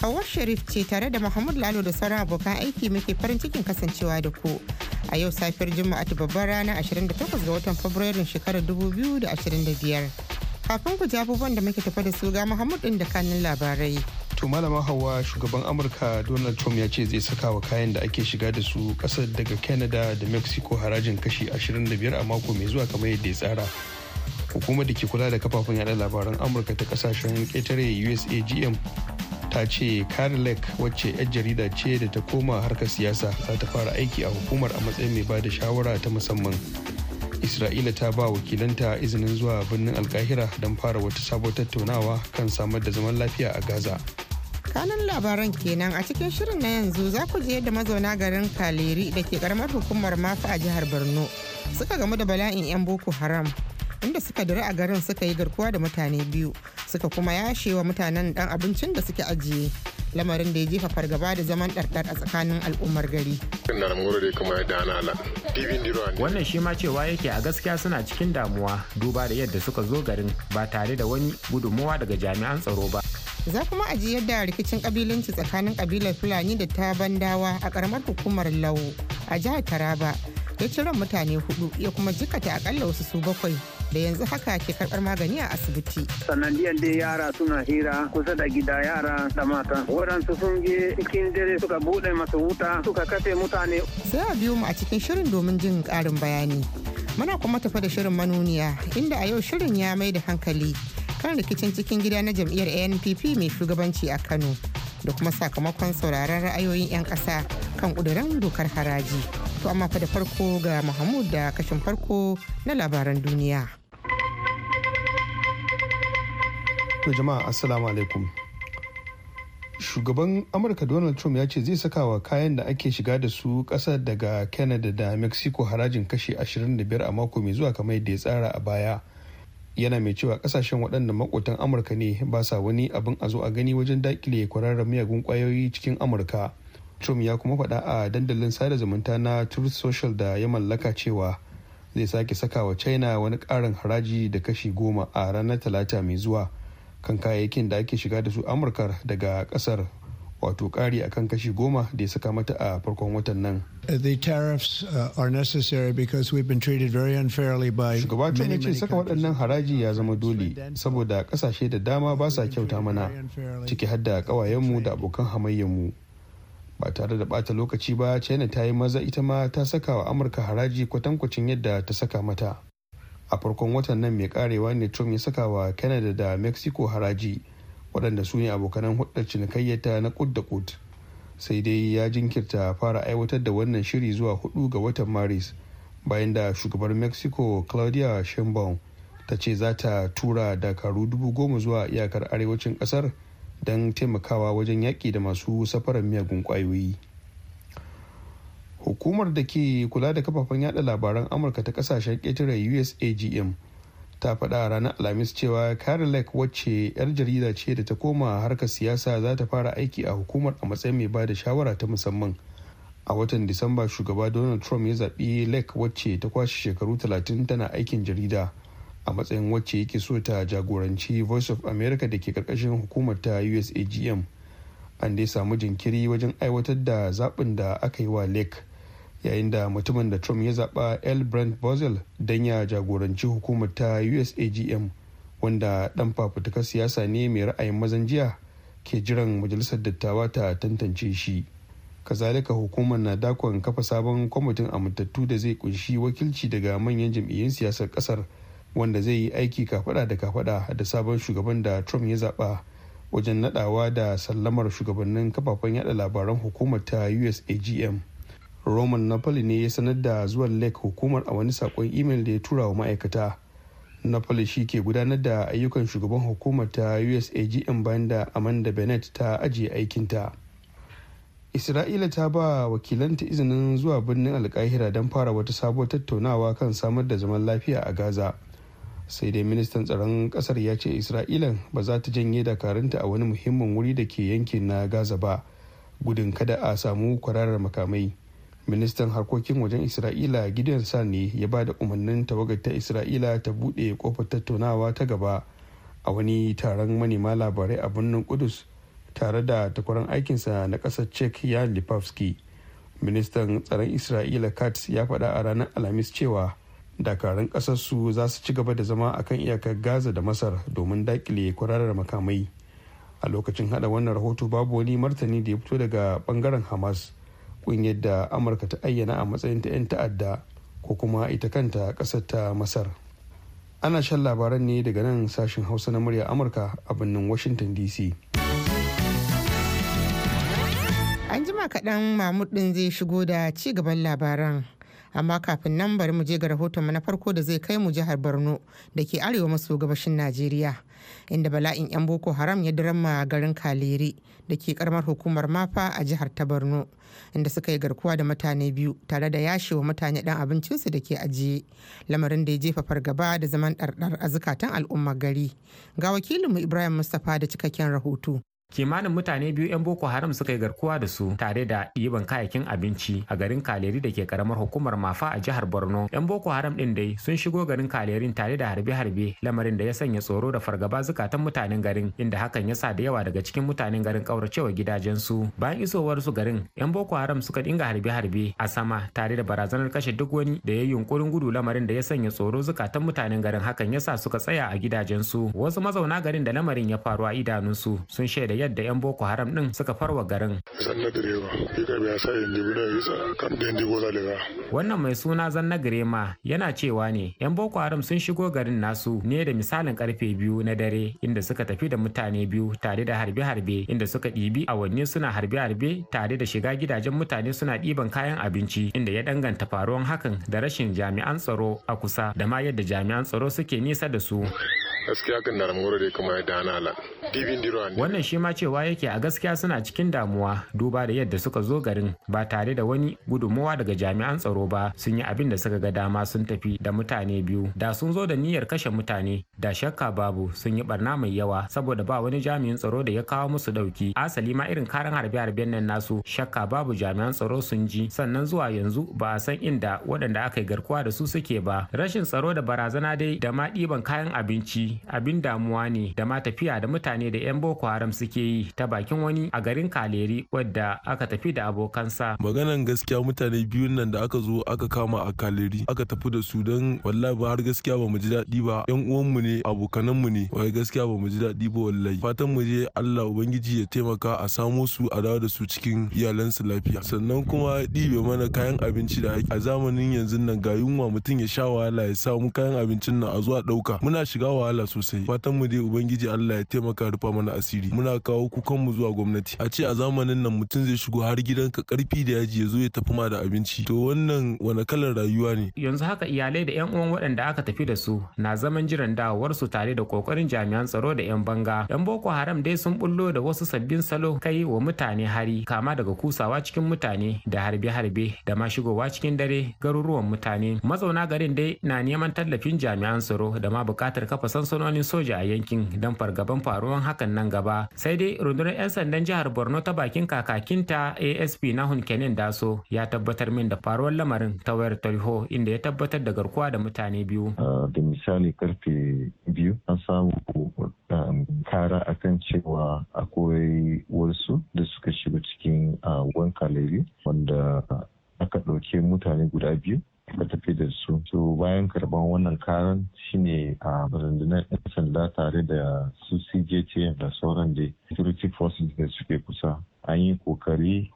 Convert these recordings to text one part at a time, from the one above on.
Hauwa Sharif ce tare da muhammadu Lalo da sauran abokan aiki muke farin cikin kasancewa da ku. A yau safiyar Juma'a ta babbar rana 28 ga watan fabrairu shekarar 2025. Kafin ku ji abubuwan da muke tafa da su ga muhammadu din da kanin labarai. To malama Hauwa shugaban Amurka Donald Trump ya ce zai saka wa kayan da ake shiga da su kasar daga Canada da Mexico harajin kashi 25 a mako mai zuwa kamar yadda ya tsara. Hukumar da ke kula da kafafen yada labaran Amurka ta kasashen ƙetare USAGM ta ce kari lake wacce 'yar jarida ce da ta koma harkar siyasa za ta fara aiki a hukumar a matsayin mai ba da shawara ta musamman isra'ila ta ba wakilanta izinin zuwa birnin alkahira don fara wata sabon tattaunawa kan samar da zaman lafiya a gaza kanun labaran kenan a cikin shirin na yanzu za ku je yadda mazauna garin kaleri da ke karamar hukumar mafi a jihar borno suka gamu da bala'in 'yan boko haram inda suka dare a garin suka yi garkuwa da mutane biyu suka kuma yashe wa mutanen dan abincin da suke ajiye lamarin da ya jefa fargaba da zaman ɗarɗar a tsakanin al'ummar gari. Wannan shi ma cewa yake a gaskiya suna cikin damuwa duba da yadda suka zo garin ba tare da wani gudummawa daga jami'an tsaro ba. Za kuma a ji yadda rikicin kabilanci tsakanin kabilar Fulani da ta bandawa a karamar hukumar Lau a jihar Taraba ya ci ran mutane hudu ya kuma jikata akalla wasu su bakwai da yanzu haka ke karbar magani a asibiti. sanadiyar dai yara suna hira kusa da gida yara da mata waɗansu sun je cikin dare suka buɗe masu wuta suka kafe mutane. sai a biyu mu a cikin shirin domin jin ƙarin bayani. Muna kuma tafa da shirin manuniya inda a yau shirin ya mai da hankali kan rikicin cikin gida na jam'iyyar ANPP mai shugabanci a Kano da kuma sakamakon sauraron ra'ayoyin 'yan ƙasa kan ƙuduran dokar haraji. To amma fa da farko ga Mahmud da kashin farko na labaran duniya. To jama'a assalamu alaikum. Shugaban Amurka Donald Trump ya ce zai saka wa kayan da ake shiga da su ƙasar daga Canada da Mexico harajin kashi 25 a mako mai zuwa kamar yadda ya tsara a baya. Yana mai cewa kasashen waɗanda makotan Amurka ne ba sa wani abin a zo a gani wajen dakile kwararren miyagun ƙwayoyi cikin Amurka. Trump ya kuma faɗa a dandalin sada zumunta na Truth Social da ya mallaka cewa zai sake saka wa China wani ƙarin haraji da kashi goma a ranar Talata mai zuwa kan kayayyakin da ake shiga da su Amurka daga ƙasar wato kari akan kashi goma da ya saka mata a farkon watan nan. The tariffs uh, are necessary because we've been treated very unfairly by Shugaba Trump ya ce saka waɗannan haraji ya zama dole saboda ƙasashe da dama ba sa kyauta mana ciki hadda da ƙawayenmu da abokan mu ba tare da bata lokaci ba china ta yi maza ita ma ta saka wa amurka haraji kwatankwacin yadda ta saka mata a farkon watan nan mai karewa ne trump ya saka wa canada da mexico haraji waɗanda su ne abokanan hudar cinikayyata na kud da kud sai dai ya jinkirta fara aiwatar da wannan shiri zuwa hudu ga watan maris bayan da shugabar mexico claudia sheinbaum ta ce za ta tura dakaru dubu goma zuwa iyakar arewacin kasar don taimakawa wajen yaƙi da masu safarar miyagun ƙwayoyi hukumar da ke kula da kafafen yada labaran amurka ta kasashen ƙetare usagm ta faɗa ranar alhamis cewa kare lake wacce 'yar jarida ce da ta koma harkar siyasa za ta fara aiki a hukumar a matsayin mai ba da shawara ta musamman a watan disamba shugaba donald trump ya zaɓi lake wacce ta kwashe shekaru 30 tana aikin jarida a matsayin wacce yake so ta jagoranci voice of america da ke karkashin hukumar ta usagm an dai samu jinkiri wajen aiwatar da zaɓin da aka yi wa lake yayin da mutumin da trump ya zaɓa l brent bozel don ya jagoranci hukumar ta usagm wanda ɗan fafutukar siyasa ne mai ra'ayin mazan jiya ke jiran majalisar dattawa ta tantance shi kazalika hukumar na dakon kafa sabon kwamitin amintattu da zai kunshi wakilci daga manyan jam'iyyun siyasar kasar. wanda zai yi aiki kafada da kafada da sabon shugaban da trump ya zaba wajen nadawa da sallamar shugabannin kafafen yada labaran hukumar ta usagm roman napoli ne ya sanar da zuwan lake hukumar a wani sakon imel da ya tura wa ma'aikata napoli shi ke gudanar da ayyukan shugaban hukumar ta usagm bayan da amanda bennett ta ajiye aikinta isra'ila ta ba wakilanta izinin zuwa birnin alkahira don fara wata sabuwar tattaunawa kan samar da zaman lafiya a gaza sai dai ministan tsaron kasar ya ce isra'ilan ba za ta janye dakarunta a wani muhimmin wuri da ke yankin na gaza ba gudun kada a samu kwararar makamai ministan harkokin wajen isra'ila gideon sani ya ba da umarnin tawagar ta isra'ila ta buɗe kofar tattaunawa ta gaba a wani taron manema labarai a birnin kudus tare da takwaran aikinsa na ƙasar czech yan lipavsky ministan tsaron isra'ila katz ya faɗa a ranar alhamis cewa dakarun ƙasarsu za su ci gaba da zama a kan iyakar gaza da masar domin dakile kwararar makamai a lokacin hada wannan rahoto babu wani martani da ya fito daga bangaren hamas ƙungiyar da amurka ta ayyana a matsayin ta 'yan ta'adda ko kuma ita kanta ƙasar ta masar ana shan labaran ne daga nan sashen hausa na murya amurka a birnin washington dc an jima kaɗan mamud ɗin zai shigo da ci gaban labaran amma kafin nan bari mu je ga rahotonmu na farko da zai kai mu jihar borno da ke arewa maso gabashin najeriya inda bala'in 'yan boko haram ya dirama garin kaleri da ke karamar hukumar mafa a jihar ta borno inda suka yi garkuwa da mutane biyu tare da yashewa mutane dan abincinsu da ke ajiye lamarin da ya jefa fargaba da zaman ɗarɗar a zukatan al'ummar gari ga wakilinmu ibrahim mustapha da cikakken rahoto kimanin mutane biyu 'yan boko haram suka yi garkuwa da su tare da ɗiban kayakin abinci a garin kaleri da ke karamar hukumar mafa a jihar borno 'yan boko haram ɗin dai sun shigo garin kalerin tare da harbe-harbe lamarin da ya sanya tsoro da fargaba zukatan mutanen garin inda hakan ya sa da yawa daga cikin mutanen garin kauracewa gidajensu bayan isowar su garin 'yan boko haram suka dinga harbe-harbe a sama tare da barazanar kashe duk wani da ya yi yunkurin gudu lamarin da ya sanya tsoro zukatan mutanen garin hakan ya sa suka tsaya a gidajensu wasu mazauna garin da lamarin ya faru a idanunsu sun shaida yadda 'yan Boko Haram ɗin suka farwa garin. Wannan mai suna Zanna Girema yana cewa ne 'yan Boko Haram sun shigo garin nasu ne da misalin karfe biyu na dare inda suka tafi da mutane biyu tare da harbe-harbe inda suka ɗibi awanni suna harbe-harbe tare da shiga gidajen mutane suna ɗiban kayan abinci inda ya danganta faruwan hakan da rashin jami'an tsaro a kusa da ma yadda jami'an tsaro suke nisa da su. gaskiya kan na mura da kuma da anala dibin diro wannan shi ma cewa yake a gaskiya suna cikin damuwa duba da yadda suka zo garin ba tare da wani gudummawa daga jami'an tsaro ba sun yi abin da suka ga dama sun tafi da mutane biyu da sun zo da niyyar kashe mutane da shakka babu sun yi barna mai yawa saboda ba wani jami'in tsaro da ya kawo musu dauki asali ma irin karan harbe-harben nan nasu shakka babu jami'an tsaro sun ji sannan zuwa yanzu ba a san inda waɗanda aka yi garkuwa da su suke ba rashin tsaro da barazana dai da ma ɗiban kayan abinci abin damuwa ne da ma tafiya da mutane da 'yan boko haram suke yi ta bakin wani a garin kaleri wadda aka tafi da abokansa maganan gaskiya mutane biyun nan da aka zo aka kama a kaleri aka tafi da su don wallahi har gaskiya ba mu ji daɗi ba yan uwanmu ne mu ne wai gaskiya ba mu ji daɗi ba wallahi fatan mu je Allah ubangiji ya taimaka a samo su a dawo da su cikin iyalansu lafiya sannan kuma ɗibe mana kayan abinci da a zamanin yanzu nan ga yunwa mutum ya sha wahala ya samu kayan abincin nan a zuwa ɗauka muna shiga wahala sosai fatan mu dai ubangiji Allah ya taimaka rufa mana asiri muna kawo kukan mu zuwa gwamnati a ce a zamanin nan mutum zai shigo har gidanka karfi da yaji ya zo ya tafi ma da abinci to wannan wani kalar rayuwa ne yanzu haka iyalai da yan uwan waɗanda aka tafi da su na zaman jiran dawowar su tare da kokarin jami'an tsaro da yan banga yan boko haram dai sun bullo da wasu sabbin salo kai wa mutane hari kama daga kusawa cikin mutane da harbe-harbe da ma shigowa cikin dare garuruwan mutane mazauna garin dai na neman tallafin jami'an tsaro da ma bukatar kafa sansanonin soja a yankin don fargaban faruwan hakan nan gaba sai dai rundunar 'yan sandan jihar borno ta bakin kakakinta asp na hunkenin daso ya tabbatar min da faruwar lamarin ta wayar tarho inda ya tabbatar da garkuwa da mutane biyu ah, da misali karfe biyu an samu um, kara kan cewa akwai wasu da suka shiga cikin ah, wanka laifi wanda aka ɗauke mutane guda biyu ka tafi da su to bayan karban wannan karan shine a rundunar yan sanda tare da su cjtf da sauran da security forces da suke kusa an yi kokari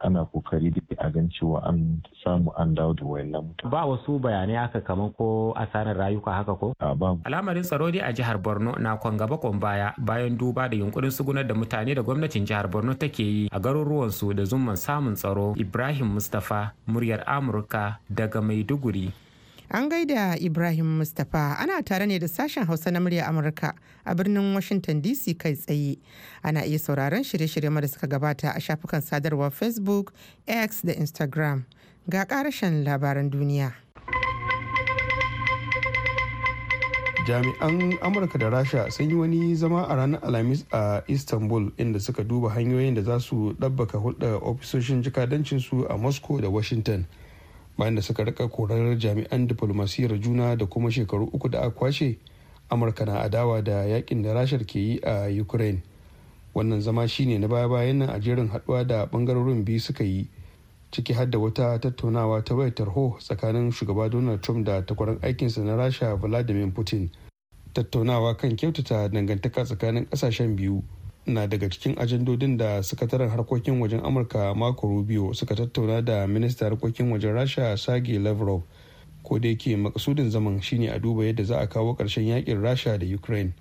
ana kokari da a gan cewa an samu an dawo da wayannan Ba wasu bayanai aka kamar ko asarar rayuka haka ko? A Al'amarin tsaro dai a jihar Borno na kwan gaba kwan baya bayan duba da yunkurin sugunar da mutane da gwamnatin jihar Borno take yi a garuruwan su da zumman samun tsaro. Ibrahim Mustapha muryar Amurka daga Maiduguri. An gaida Ibrahim Mustapha ana tare ne da sashen Hausa na murya Amurka a birnin Washington DC kai tsaye. Ana iya sauraron shirye-shirye da suka gabata a shafukan sadarwar Facebook, X da Instagram. Ga karashen labaran duniya. Jami'an Amurka da Rasha sun yi wani zama a ranar Alhamis a Istanbul inda suka duba hanyoyin da za su ɗabbaka hulɗar ofisoshin jikadancinsu a Moscow da Washington. bayan da suka rika korar jami'an diflomasiyyar juna da kuma shekaru uku da aka kwashe amurka na adawa da yakin da rashar ke yi a ukraine wannan zama shine na baya-bayan nan a jerin haduwa da bangarorin biyu suka yi ciki har da wata tattaunawa ta wayar tarho tsakanin shugaba donald trump da takwaran aikinsa na rasha vladimir putin tattaunawa kan kyautata dangantaka tsakanin kasashen biyu na daga cikin ajandodin da sakataren harkokin wajen amurka marco rubio suka tattauna da minista harkokin wajen rasha sage lavrov ko da yake makasudin zaman shine a duba yadda za a kawo karshen yakin rasha da ukraine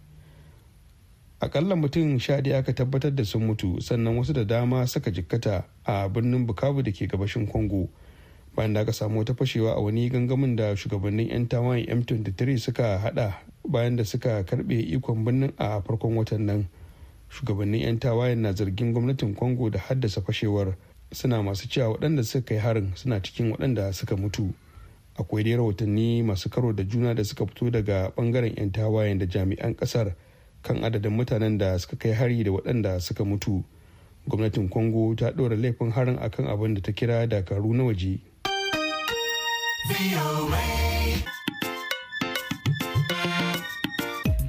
akalla mutum sha ɗaya aka tabbatar da sun mutu sannan wasu da dama suka jikkata a birnin bukavu da ke gabashin congo bayan da aka samu wata fashewa a wani gangamin da shugabannin 'yan tawayen m23 suka hada bayan da suka karbe ikon birnin a farkon watan nan shugabannin 'yan tawayen na zargin gwamnatin congo da haddasa fashewar suna masu cewa waɗanda suka kai harin suna cikin waɗanda suka mutu akwai dai rahotanni masu karo da juna da suka fito daga bangaren 'yan tawayen da jami'an ƙasar kan adadin mutanen da suka kai hari da waɗanda suka mutu gwamnatin congo ta ɗora laifin harin akan abin da ta kira dakaru na waje.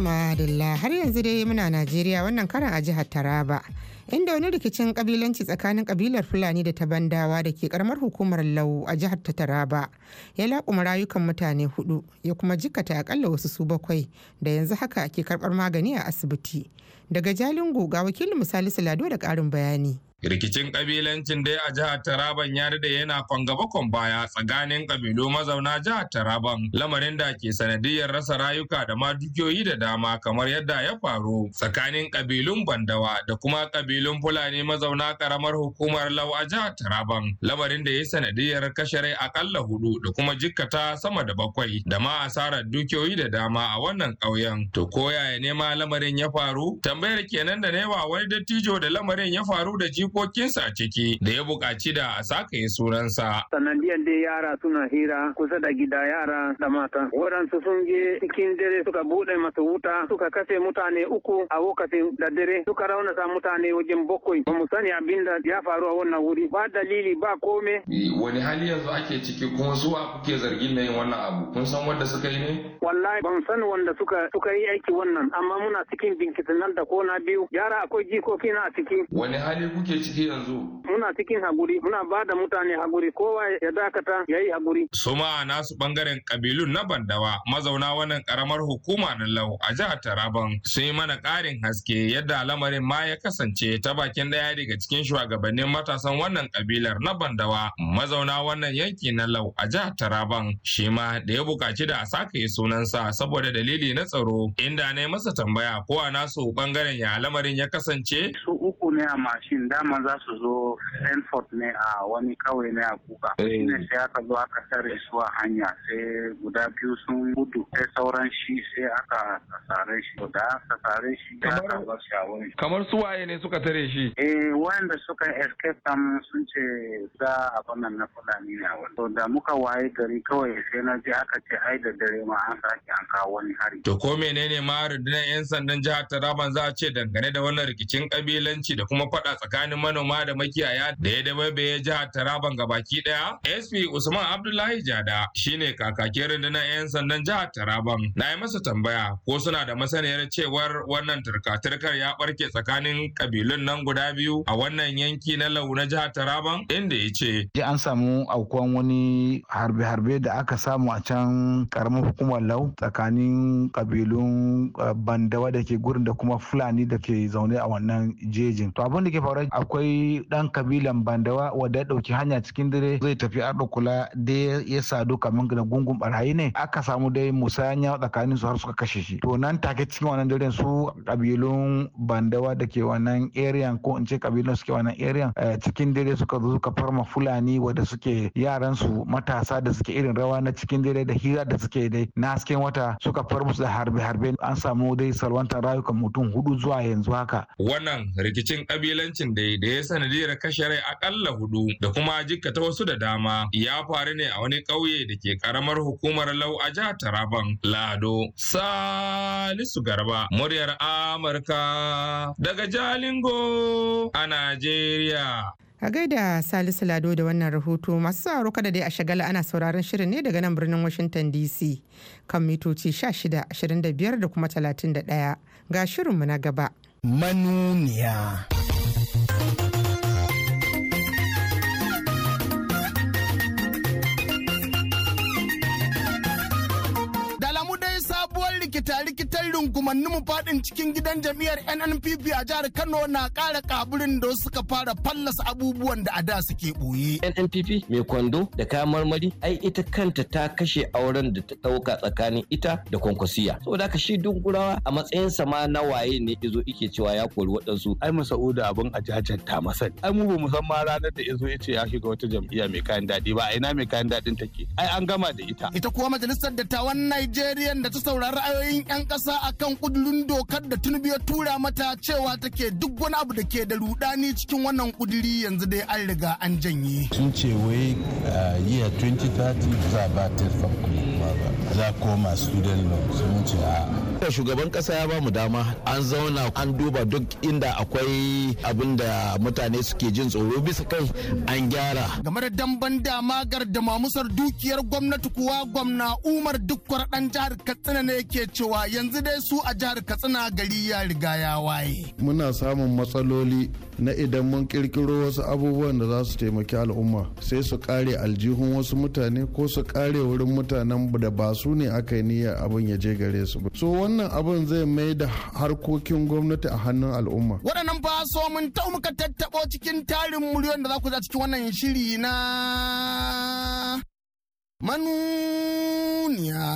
madalla har yanzu dai muna Najeriya wannan karan a jihar Taraba. Inda wani rikicin kabilanci tsakanin kabilar Fulani da ta bandawa da ke karamar hukumar Lau a jihar ta Taraba ya laƙuma rayukan mutane hudu ya kuma jikata akalla wasu su bakwai da yanzu haka ke karɓar magani a asibiti. Daga Jalingo ga wakilin misali Salado da ƙarin bayani. Rikicin kabilancin dai a jihar Taraban ya da yana kwangaba baya tsakanin kabilu mazauna jihar Taraban lamarin da ke sanadiyar rasa rayuka da ma dukiyoyi da dama kamar yadda ya faru tsakanin kabilun Bandawa da kuma kabilun Fulani mazauna karamar hukumar Lau a jihar Taraban lamarin da ya sanadiyar kashe rai aƙalla hudu da kuma jikkata sama da bakwai da ma asarar dukiyoyi da dama a wannan ƙauyen. To koyaya ma lamarin ya faru? Tambayar kenan da na yawa wani dattijo da lamarin ya faru da jiko jikokinsa a ciki da ya buƙaci da a yi sunansa. Sanadiyar dai yara suna hira kusa da gida yara da mata. Waɗansu sun je cikin dare suka buɗe masa wuta suka kashe mutane uku a lokacin da dare suka raunata mutane wajen bakwai. Ba mu sani abin da ya faru a wannan wuri ba dalili ba kome. Wani hali yanzu ake ciki kuma zuwa kuke zargin na yin wannan abu kun san wanda suka yi ne? Wallahi ban san wanda suka suka yi aiki wannan amma muna cikin binkitinan da kona biyu yara akwai jikokina a ciki. Wani hali kuke ciki yanzu? Muna cikin haguri, muna ba da mutane haguri, kowa ya dakata ya yi haguri. Suma a nasu bangaren kabilun na bandawa mazauna wannan karamar hukuma na lau a jihar Taraban sun yi mana karin haske yadda lamarin ma ya kasance ta bakin daya daga cikin shugabannin matasan wannan kabilar na bandawa mazauna wannan yanki na lau a jihar Taraban shi ma da ya buƙaci da a sake sunansa saboda dalili na tsaro inda na yi masa tambaya ko a nasu bangaren ya lamarin ya kasance. Su uku ne a mashin dama musamman za su zo stanford ne a wani kawai ne a kuka eh. shine sai aka zo aka tare su a hanya sai guda biyu sun gudu sai sauran shi sai aka sare shi da aka sare shi da aka bar shi a wani kamar su waye ne suka tare shi eh wanda suka escape kam sun ce za a bana na fulani ne a wani to da muka waye gari kawai sai na je aka ce ai da dare ma an sake an kawo wani hari to ko menene ma rundunar yan sandan jihar Taraban za a ce dangane da wannan rikicin kabilanci da kuma faɗa tsakanin manoma da makiyaya da ya bai jihar Taraban ga baki daya. SP Usman Abdullahi Jada shine kakakin rundunar 'yan sandan jihar Taraban. Na yi masa tambaya ko suna da masaniyar cewar wannan turka ya barke tsakanin kabilun nan guda biyu a wannan yanki na lau na jihar Taraban inda ya ce. Ji an samu aukuwan wani harbe-harbe da aka samu a can karamin hukumar lau tsakanin kabilun eh, bandawa da ke gurin da kuma fulani da ke zaune a wannan jejin. To abin da ke faruwa akwai dan kabilan bandawa wanda ya dauki hanya cikin dare zai tafi ardo kula da ya sadu kamin da gungun barayi ne aka samu dai musanya tsakanin su har suka kashe shi to nan take cikin wannan daren su kabilun bandawa da ke wannan area ko in ce kabilun suke wannan area eh, cikin dare suka zo suka farma fulani wanda suke yaran su matasa da suke irin rawa na cikin dare da hira da suke dai na hasken wata suka far musu da harbe-harbe an samu dai salwantar rayukan mutum hudu zuwa yanzu haka wannan rikicin kabilancin da da ya sanadiyar kashe rai akalla hudu da kuma ta wasu da dama ya faru ne a wani ƙauye da ke karamar hukumar lau a jihar Taraban Lado Salisu Garba muryar Amurka daga Jalingo a Najeriya. A gaida Salisu Lado da wannan rahoto masu sauraro kada dai a shagala ana sauraron shirin ne daga nan birnin Washington DC kan mitoci 16, 25 da kuma 31 ga shirinmu na gaba. Manuniya. அடிக்க Zancen rungumanni mu faɗin cikin gidan jam'iyyar NNPP a jihar Kano na ƙara kaburin da suka fara fallasa abubuwan da a da suke ɓoye. NNPP mai kwando da kayan marmari ai ita kanta ta kashe auren da ta ɗauka tsakanin ita da kwankwasiya. Saboda haka shi dungurawa a sa ma na waye ne izo ike cewa ya kori waɗansu. Ai mu da abin a jajanta masa. Ai mu ba mu san ma ranar da izo ya ce ya shiga wata jam'iyya mai kayan daɗi ba a ina mai kayan daɗin take. Ai an gama da ita. Ita kuwa majalisar dattawan Najeriya da ta saurari ra'ayoyin 'yan ƙasa a akan kudurin dokar da tunubi ya tura mata cewa take duk wani abu da ke da rudani cikin wannan kuduri yanzu dai an riga an janye. Sun ce wai uh, year 2030 za ba telefon kuma ba za koma student loan sun ce a da shugaban kasa ya bamu dama an zauna an duba duk inda akwai abin da mutane suke jin tsoro bisa kai an gyara game da damban gar da mamusar dukiyar gwamnati kuwa gwamna umar dukkwar dan jihar katsina ne yake cewa yanzu yanzu dai su a jihar katsina gari ya riga ya waye muna samun matsaloli na idan mun kirkiro wasu abubuwan da za su taimaki al'umma sai su kare aljihun wasu mutane ko su kare wurin mutanen da ba su ne aka yi niyyar abin ya je gare su so wannan abin zai mai da harkokin gwamnati a hannun al'umma waɗannan ba so mun tau muka tattaɓo cikin tarin miliyon da za ku za cikin wannan shiri na manuniya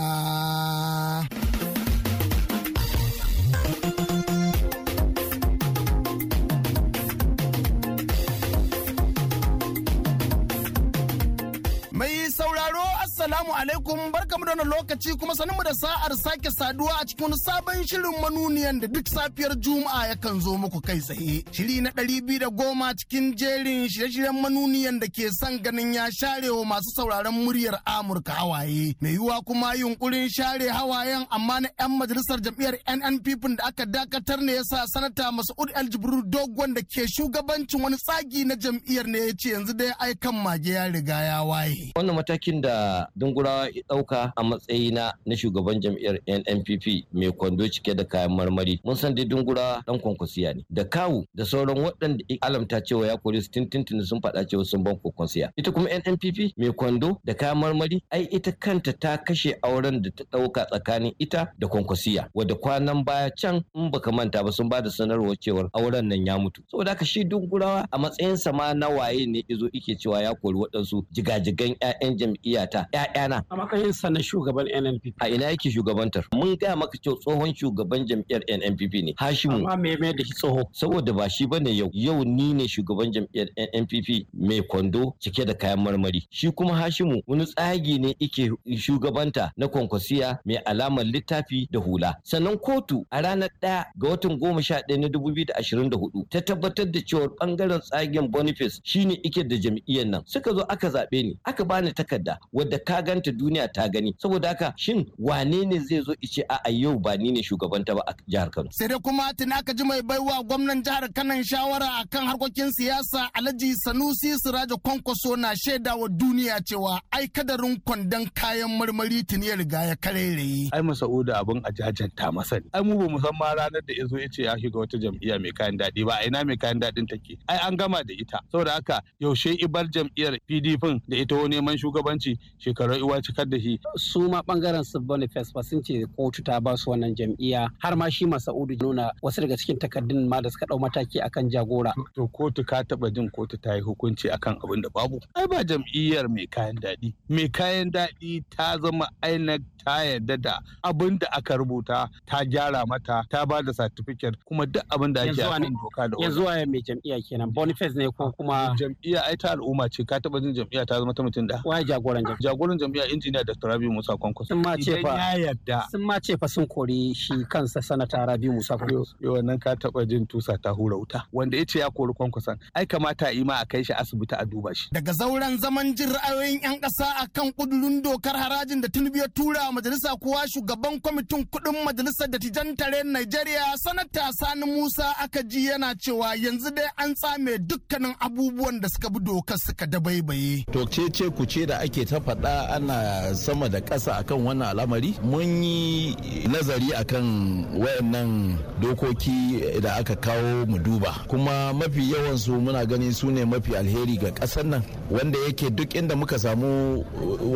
Assalamu alaikum barkamu da lokaci kuma sanin mu da sa'ar sake saduwa a cikin sabon shirin manuniyan da duk safiyar Juma'a yakan zo muku kai tsaye. Shiri na ɗari biyu da goma cikin jerin shirye-shiryen manuniyan da ke son ganin ya share wa masu sauraron muryar Amurka hawaye. Mai yiwuwa kuma yunkurin share hawayen amma na 'yan majalisar jam'iyyar NNPP da aka dakatar ne yasa sanata Mas'ud El Jibril Dogon da ke shugabancin wani tsagi na jam'iyyar ne ya ce yanzu dai aikan mage ya riga ya waye. Wannan matakin da Dungurawa ya ɗauka a matsayina na shugaban jam'iyyar NNPP mai kwando cike da kayan marmari. Mun san dai Dungurawa ɗan kwankwasiya ne. Da kawu da sauran waɗanda alamta cewa ya kori su tintintin sun faɗa cewa sun ban kwankwasiya. Ita kuma NNPP mai kwando da kayan marmari ai ita kanta ta kashe auren da ta ɗauka tsakanin ita da kwankwasiya. Wadda kwanan baya can in baka manta ba sun ba da sanarwar cewar auren nan ya mutu. Saboda haka shi Dungurawa a matsayinsa ma na waye ne izo ike cewa ya kori waɗansu jigajigan 'ya'yan jam'iyyata ya 'ya'yana a matsayin sa na shugaban NNPP a ina yake shugabantar mun gaya maka cewa tsohon shugaban jam'iyyar NNPP ne Hashimu amma me mai da shi tsoho saboda ba shi bane yau yau ni ne shugaban jam'iyyar NNPP mai kwando cike da kayan marmari shi kuma Hashimu wani tsagi ne yake shugabanta na kwankwasiya mai alamar littafi da hula sannan kotu a ranar ɗaya ga watan goma sha ɗaya na dubu biyu da ashirin da hudu ta tabbatar da cewa ɓangaren tsagen Boniface shine ike da jam'iyyar nan suka zo aka zaɓe ni aka bani takarda wadda ka ganta duniya ta gani saboda haka shin wane ne zai zo ice a yau ba ni ne shugabanta ba a jihar Kano sai dai kuma tuna ka ji mai baiwa gwamnan jihar Kano shawara akan harkokin siyasa Alhaji Sanusi Siraja Kwankwaso na shaida wa duniya cewa ai kadarin kwandon kayan marmari tuni ya riga ya karere ai Masauda abun a jajanta masa ai mu ba mu san ma ranar da yazo yace ya shiga wata jam'iyya mai kayan daɗi ba a ina mai kayan daɗin take ai an gama da ita saboda haka yaushe ibar jam'iyyar PDP da ita neman shugabanci shekaru tsaro iwa cikar da shi su ma bangaren su boniface ba sun ce kotu ta ba su wannan jam'iyya har ma shi udu nuna wasu daga cikin takardun ma da suka dau mataki akan jagora to kotu ka taba jin kotu ta yi hukunci akan abin da babu ai ba jam'iyyar mai kayan daɗi mai kayan daɗi ta zama INEC ta yarda da abin da aka rubuta ta gyara mata ta ba da certificate kuma duk abin da ake yi doka da yanzu waye mai jam'iyya kenan boniface ne ko kuma jam'iyya ai ta al'umma ce ka taba jin jam'iyya ta zama ta mutum da waye jagoran jam'iyya jagoran sakataren jami'a injiniya Dr. Rabi Musa Kwankwaso. Sun ma ce fa ya yadda Sun ma ce fa sun kori shi kansa sanata Rabi Musa Kwankwaso. Yo wannan ka taba jin tusa ta hura wuta. Wanda yace ya kori Kwankwason ai kamata yi ma a kai shi asibiti a duba shi. Daga zauren zaman jin ra'ayoyin 'yan ƙasa akan kudurin dokar harajin da Tinubu ya tura wa majalisa kuwa shugaban kwamitin kuɗin majalisar dattijan tare Najeriya sanata Sani Musa aka ji yana cewa yanzu dai an tsame dukkanin abubuwan da suka bi dokar suka dabaibaye. To ce ce ku ce da ake ta faɗa ana sama da ƙasa akan wannan al'amari mun yi nazari akan wayannan dokoki da aka kawo mu duba kuma mafi yawan su muna gani su ne mafi alheri ga ƙasar nan wanda yake duk inda muka samu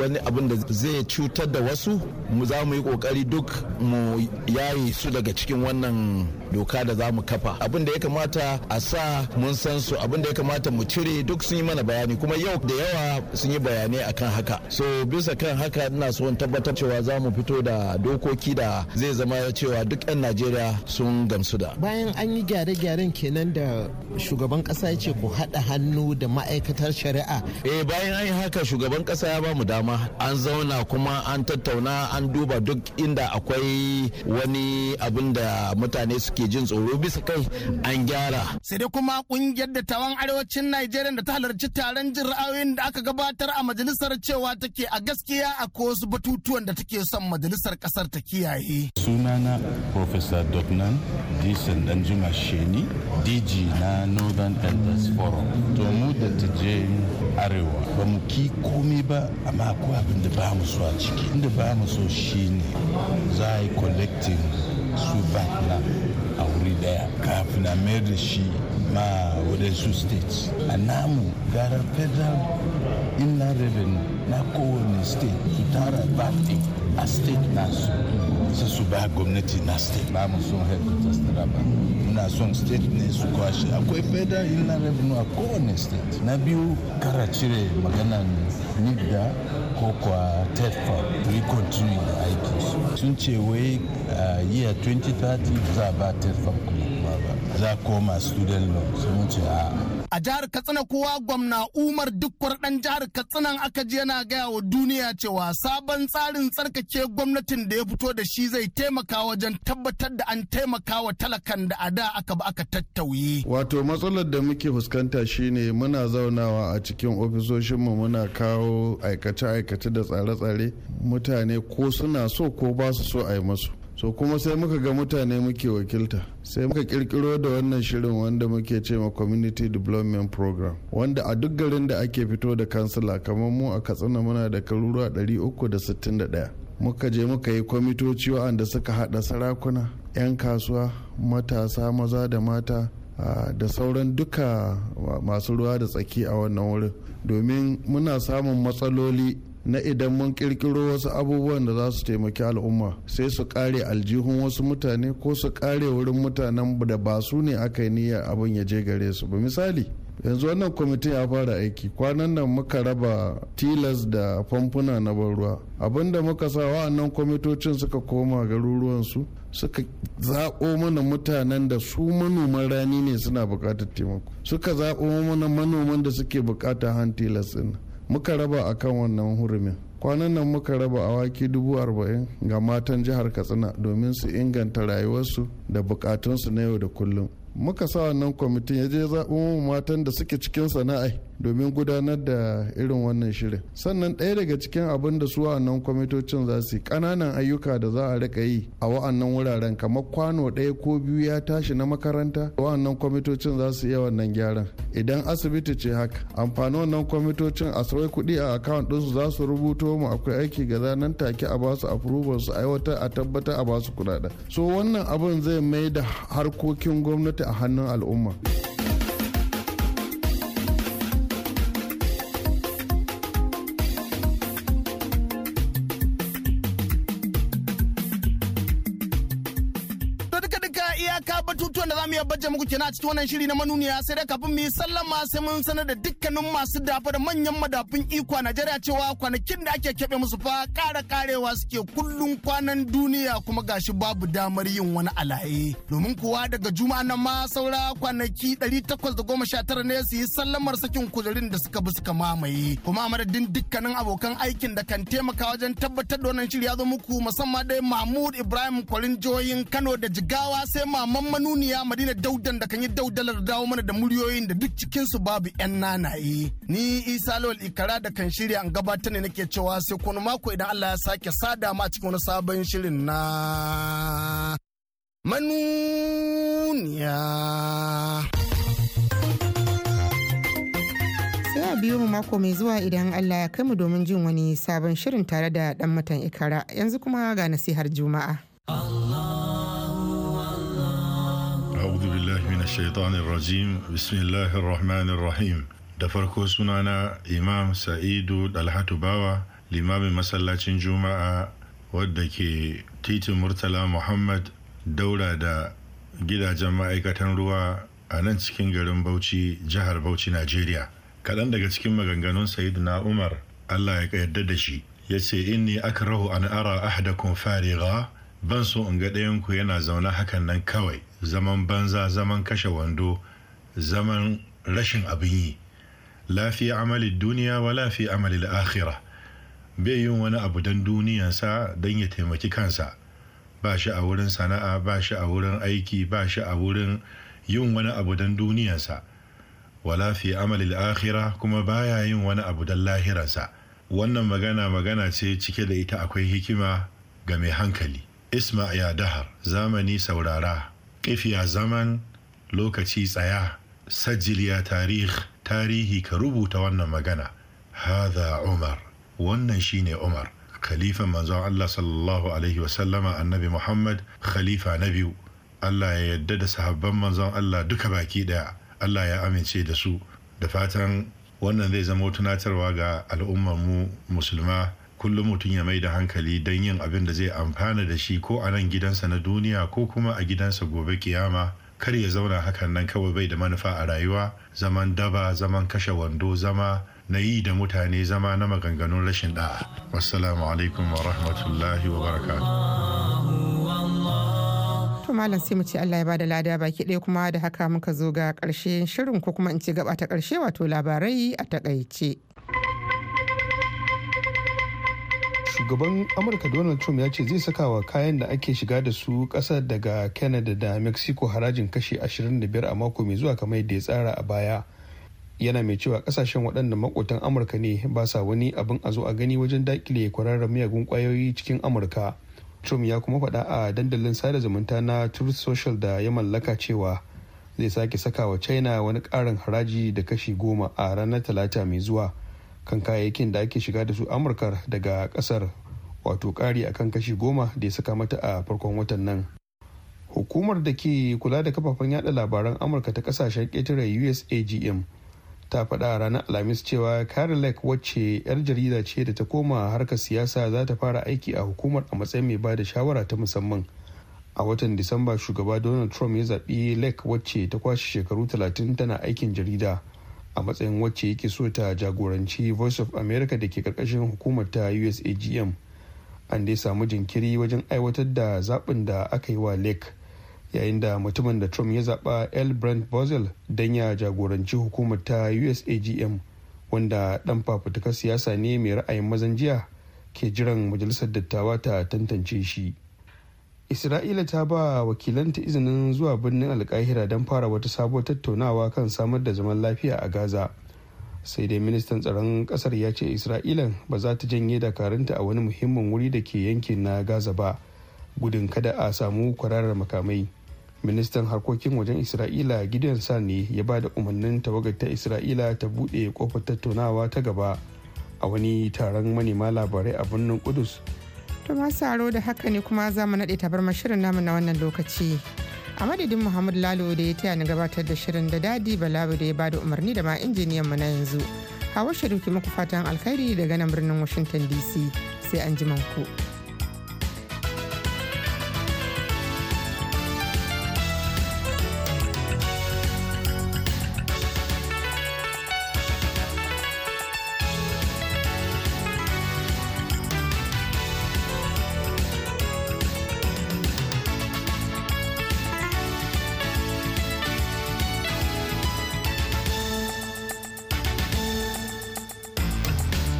wani abin da zai cutar da wasu mu za mu yi ƙoƙari duk mu yaye su daga cikin wannan doka da za mu kafa abin da ya kamata a sa mun san su abin da ya kamata mu cire duk sun yi mana bayani kuma yau da yawa sun yi bayanai akan haka so bisa kan haka ina so in tabbatar cewa za mu fito da dokoki da zai zama cewa duk 'yan najeriya sun gamsu da bayan an yi gyare-gyaren kenan da shugaban kasa ya ce ku haɗa hannu da ma'aikatar shari'a eh bayan an yi haka shugaban kasa ya ba mu dama an zauna kuma an tattauna an duba duk inda akwai wani abin da mutane suke ake jin tsoro bisa kai an gyara. Sai dai kuma kungiyar tawan arewacin Najeriya da ta halarci taron jin da aka gabatar a majalisar cewa take a gaskiya a wasu batutuwan da take son majalisar kasar ta kiyaye. Sunana Professor Dognan dan Danjuma Sheni DG na Northern Elders Forum. To mu da arewa ba mu ki komai ba amma akwai abin da ba mu so a ciki. Inda ba mu so shine za a yi collecting su bank na a wuri daya kafin a mayar da shi ma wadansu states a namu gara federal inland revenue na kowane state su tara bank a state nasu su su ba gwamnati na state ba mu headquarters na ba muna son state ne su kwashe akwai federal inland revenue a kowane state na biyu kara cire maganan nigda ko kwa tefa to yi continue da aiki su sun ce wai a uh, year 2030 za ba tefa kuma ba za koma student loan sun ce a ah. A jihar Katsina kowa gwamna Umar Dukkwar dan jihar Katsina aka ji yana gaya wa duniya cewa sabon tsarin tsarkake gwamnatin da ya fito da shi zai taimaka wajen tabbatar da an taimaka wa talakan da a da aka ba aka tattauye. Wato matsalar da muke fuskanta shine muna zaunawa a cikin ofisoshinmu muna kawo aikace-aikace da tsare-tsare mutane ko suna so ko ba su so a yi masu. so kuma sai muka ga mutane muke wakilta sai muka kirkiro da wannan shirin wanda muke ce ma community development program wanda a duk garin da ake fito da kansila kamar mu a katsina muna da karuruwa 361 muka je muka yi kwamitoci wa'anda suka hada sarakuna 'yan kasuwa matasa maza da mata da sauran duka masu ruwa da tsaki a wannan wurin domin muna samun matsaloli na idan mun kirkiro wasu abubuwan da za su taimaki al'umma sai su kare aljihun wasu mutane ko su kare wurin mutanen da ba su ne aka yi niyyar abin ya je gare su ba misali yanzu wannan kwamitin ya fara aiki kwanan nan muka raba tilas da famfuna na ban ruwa abinda muka sa wa'annan kwamitocin suka koma garuruwansu suka zaɓo mana mutanen da su manoman rani ne suna buƙatar taimako suka zaɓo mana manoman da suke buƙatar han tilas ɗin muka raba a kan wannan hurumin kwanan nan muka raba awaki dubu arba'in ga matan jihar katsina domin su inganta rayuwarsu da bukatunsu na yau da kullum muka sa wannan kwamitin ya je zaɓo matan da suke cikin sana'ai domin gudanar da irin wannan shirin sannan ɗaya daga cikin abin da su wa'annan kwamitocin za su yi ƙananan ayyuka da za a rika yi a wa'annan wuraren kamar kwano ɗaya ko biyu ya tashi na makaranta wa'annan kwamitocin za su iya wannan gyaran idan asibiti ce haka amfani wannan kwamitocin a kuɗi a akawun ɗinsu za su rubuto mu akwai aiki ga nan take a basu approval su aiwatar a tabbatar a basu kuɗaɗen so wannan abin zai mai da harkokin gwamnati a hannun al'umma. kenan a cikin wannan shiri na manuniya sai da kafin mu yi sallama sai mun sanar da dukkanin masu dafa da manyan madafin iko a Najeriya cewa kwanakin da ake keɓe musu fa ƙara ƙarewa suke kullun kwanan duniya kuma gashi babu damar yin wani alaye. Domin kuwa daga juma'a nan ma saura kwanaki 819 ne su yi sallamar sakin kujerin da suka bi suka mamaye. Kuma a madadin dukkanin abokan aikin da kan taimaka wajen tabbatar da wannan shiri ya zo muku musamman dai Mahmud Ibrahim Kwarin Kano da Jigawa sai maman manuniya Madina Daudan wanda kan yi daudalar dawo mana da muryoyin da duk cikin su babu 'yan nanaye. Ni Isa Lawal Ikara da kan shirya an gabatar ne nake cewa sai kone mako idan Allah ya sake sada ma cikin wani sabon shirin na manuniya. sai a biyo mu mako mai zuwa idan Allah ya kai mu domin jin wani sabon shirin tare da dan matan ikara yanzu kuma ga nasihar juma'a. الشيطان الرجيم بسم الله الرحمن الرحيم da farko sunana imam sa'idu dalhatu bawa limamin masallacin juma'a wadda ke titin murtala muhammad daura da gidajen ma'aikatan ruwa a nan cikin garin bauchi jihar bauchi najeriya kaɗan daga cikin maganganun saidu na umar allah ya yarda da shi ya ce aka rahu an ara ahadakum fariga ban so in ga ɗayanku yana zaune hakan nan kawai zaman banza zaman kashe wando zaman rashin abin yi lafiya amalin duniya wa lafiya amalin akhira bai yin wani abu don duniyansa don ya taimaki kansa ba shi a wurin sana'a ba shi a wurin aiki ba shi a wurin yin wani abu don duniyansa wa lafiya amalin akhira kuma baya yin wani abu don lahirarsa. wannan magana magana ce cike da ita akwai hikima ga mai hankali isma ya dahar zamani saurara ƙifiya zaman lokaci tsaya sajiliya tarih tarihi ka rubuta wannan magana hadha umar wannan shine umar khalifan manzon Allah sallallahu alaihi wasallama annabi Muhammad khalifa na biyu Allah ya yadda da sahabban manzon Allah duka baki daya Allah ya amince da su da fatan wannan zai zama tunatarwa ga al'ummar mu musulma kullum mutum ya mai da hankali don yin abin da zai amfana da shi ko a nan gidansa na duniya ko kuma a gidansa gobe kiyama kar ya zauna hakan nan kawai bai da manufa a rayuwa zaman daba zaman kashe wando zama na yi da mutane zama na maganganun rashin da'a wassalamu alaikum wa rahmatullahi wa barakatuh malam sai mu ce Allah ya bada lada baki ɗaya kuma da haka muka zo ga ƙarshen shirin ko kuma in ce gaba ta ƙarshe wato labarai a taƙaice. shugaban amurka donald trump ya ce zai saka wa kayan da ake shiga da su kasar daga canada da mexico harajin kashi 25 a mako mai zuwa kamar yadda ya tsara a baya yana mai cewa kasashen waɗanda makotan amurka ne ba sa wani abin a zo a gani wajen dakile kwararren miyagun kwayoyi cikin amurka trump ya kuma faɗa a dandalin sada zumunta na truth social da ya mallaka cewa zai sake saka wa china wani ƙarin haraji da kashi goma a ranar talata mai zuwa kan kayayyakin da ake shiga da su amurka daga kasar wato kari akan kashi goma da ya saka mata a farkon watan nan hukumar da ke kula da kafafen yada labaran amurka ta kasashen ƙetare usagm ta faɗa ranar alhamis cewa carol lake wacce 'yar jarida ce da ta koma harkar siyasa za ta fara aiki a hukumar a matsayin mai ba da shawara ta musamman a watan disamba shugaba donald trump ya zaɓi lake wacce ta kwashe shekaru 30 tana aikin jarida a matsayin wacce yake so ta jagoranci voice of america da ke karkashin hukumar ta usagm an dai samu jinkiri wajen aiwatar da zaɓin da aka yi wa lake yayin da mutumin da trump ya zaɓa l brent bozel don ya jagoranci hukumar ta usagm wanda ɗan fafutukar siyasa ne mai ra'ayin mazan jiya ke jiran majalisar dattawa ta tantance shi. isra'ila ta ba wakilanta izinin zuwa birnin alkahira don fara wata sabuwar tattaunawa kan samar da zaman lafiya a gaza sai dai ministan tsaron kasar ya ce isra'ila ba za ta janye dakarunta a wani muhimmin wuri da ke yankin na gaza ba gudun kada a samu kwararar makamai ministan harkokin wajen isra'ila gidan sa ne ya ba da umarnin tawagar ta isra'ila ta bude kofar tattaunawa ta gaba a wani taron manema labarai a birnin kudus To saro da haka ne kuma za mu naɗe tabar shirin namu na wannan lokaci. A madadin Muhammad Lalo da ya taya ni gabatar da shirin da dadi Balabu da ya bada umarni da ma injiniyan mu na yanzu. Hawa shiruki muku fatan alkhairi daga nan birnin Washington DC sai an ku.